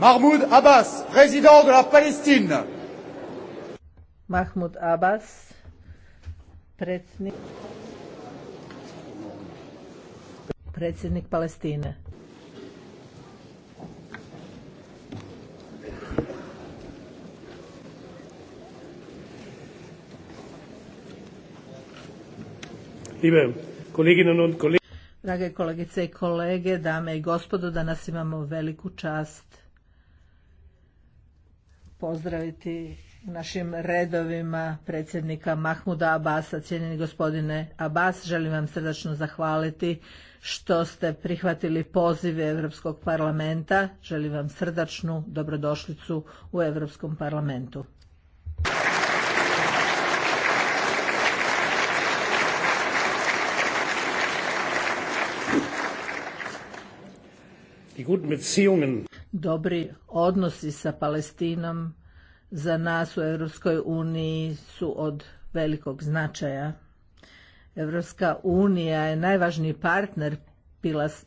Mahmoud Abbas, président de la Palestine. Mahmoud Abbas, predsjednik, predsjednik Palestine. Drage kolegice i kolege, dame i gospodo, danas imamo veliku čast pozdraviti u našim redovima predsjednika Mahmuda Abasa. Cijenjeni gospodine Abas, želim vam srdačno zahvaliti što ste prihvatili pozive Europskog parlamenta. Želim vam srdačnu dobrodošlicu u Europskom parlamentu. Dobri odnosi sa Palestinom za nas u Europskoj uniji su od velikog značaja. Europska unija je najvažniji partner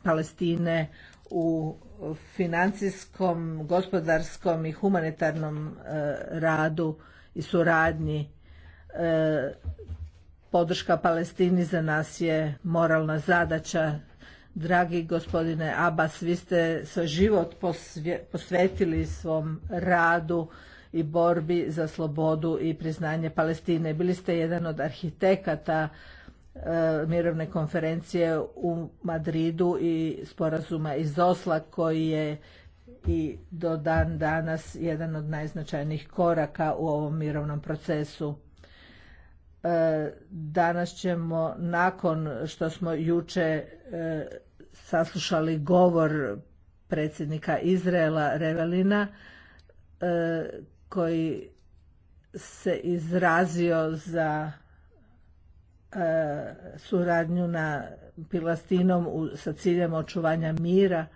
Palestine u financijskom, gospodarskom i humanitarnom e, radu i suradnji. E, podrška Palestini za nas je moralna zadaća. Dragi gospodine Abbas, vi ste svoj život posvetili svom radu i borbi za slobodu i priznanje Palestine. Bili ste jedan od arhitekata e, mirovne konferencije u Madridu i sporazuma iz Osla koji je i do dan danas jedan od najznačajnijih koraka u ovom mirovnom procesu. E, danas ćemo, nakon što smo juče e, saslušali govor predsjednika Izraela Revelina, koji se izrazio za e, suradnju na Pilastinom u, sa ciljem očuvanja mira,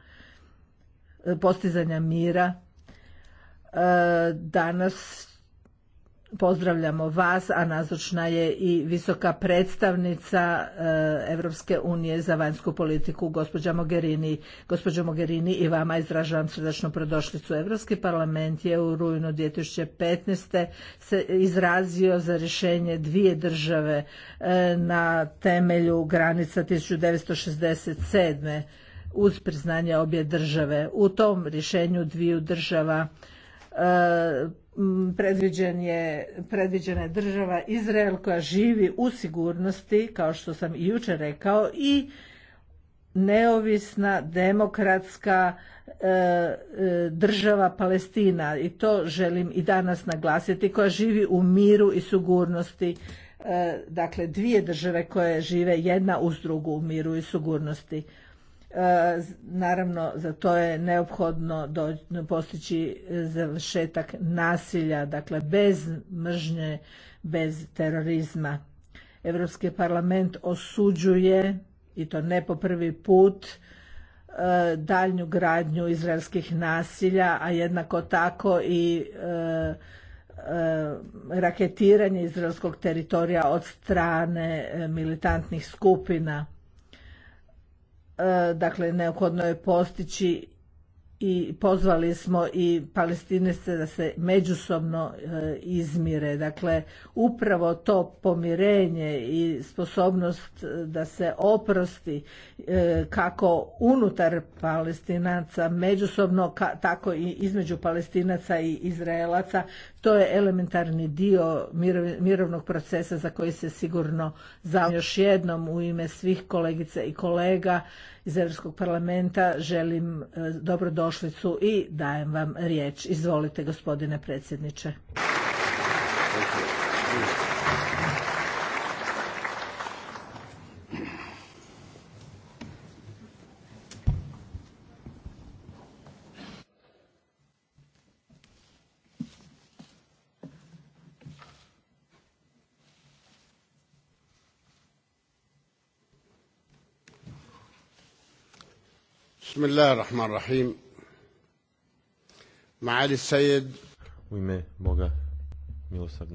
e, postizanja mira. E, danas Pozdravljamo vas, a nazočna je i visoka predstavnica Europske eh, unije za vanjsku politiku, gospođa Mogherini. Gospođa Mogherini, i vama izražavam srdačnu prodošlicu. Europski parlament je u rujnu 2015. se izrazio za rješenje dvije države eh, na temelju granica 1967. uz priznanje obje države. U tom rješenju dviju država E, predviđen je, predviđena je država Izrael koja živi u sigurnosti, kao što sam i jučer rekao, i neovisna demokratska e, e država Palestina i to želim i danas naglasiti koja živi u miru i sigurnosti e, dakle dvije države koje žive jedna uz drugu u miru i sigurnosti E, naravno, za to je neophodno postići e, završetak nasilja, dakle bez mržnje, bez terorizma. Europski parlament osuđuje, i to ne po prvi put, e, daljnju gradnju izraelskih nasilja, a jednako tako i raketiranje izraelskog teritorija od strane militantnih skupina E, dakle neophodno je postići i pozvali smo i Palestinice da se međusobno e, izmire. Dakle, upravo to pomirenje i sposobnost e, da se oprosti e, kako unutar palestinaca, međusobno tako i između palestinaca i izraelaca, to je elementarni dio mirovnog procesa za koji se sigurno za još jednom u ime svih kolegica i kolega iz Europskog parlamenta želim e, dobrodošlicu i dajem vam riječ. Izvolite gospodine predsjedniče. geldara marahim u ime boga milosrdno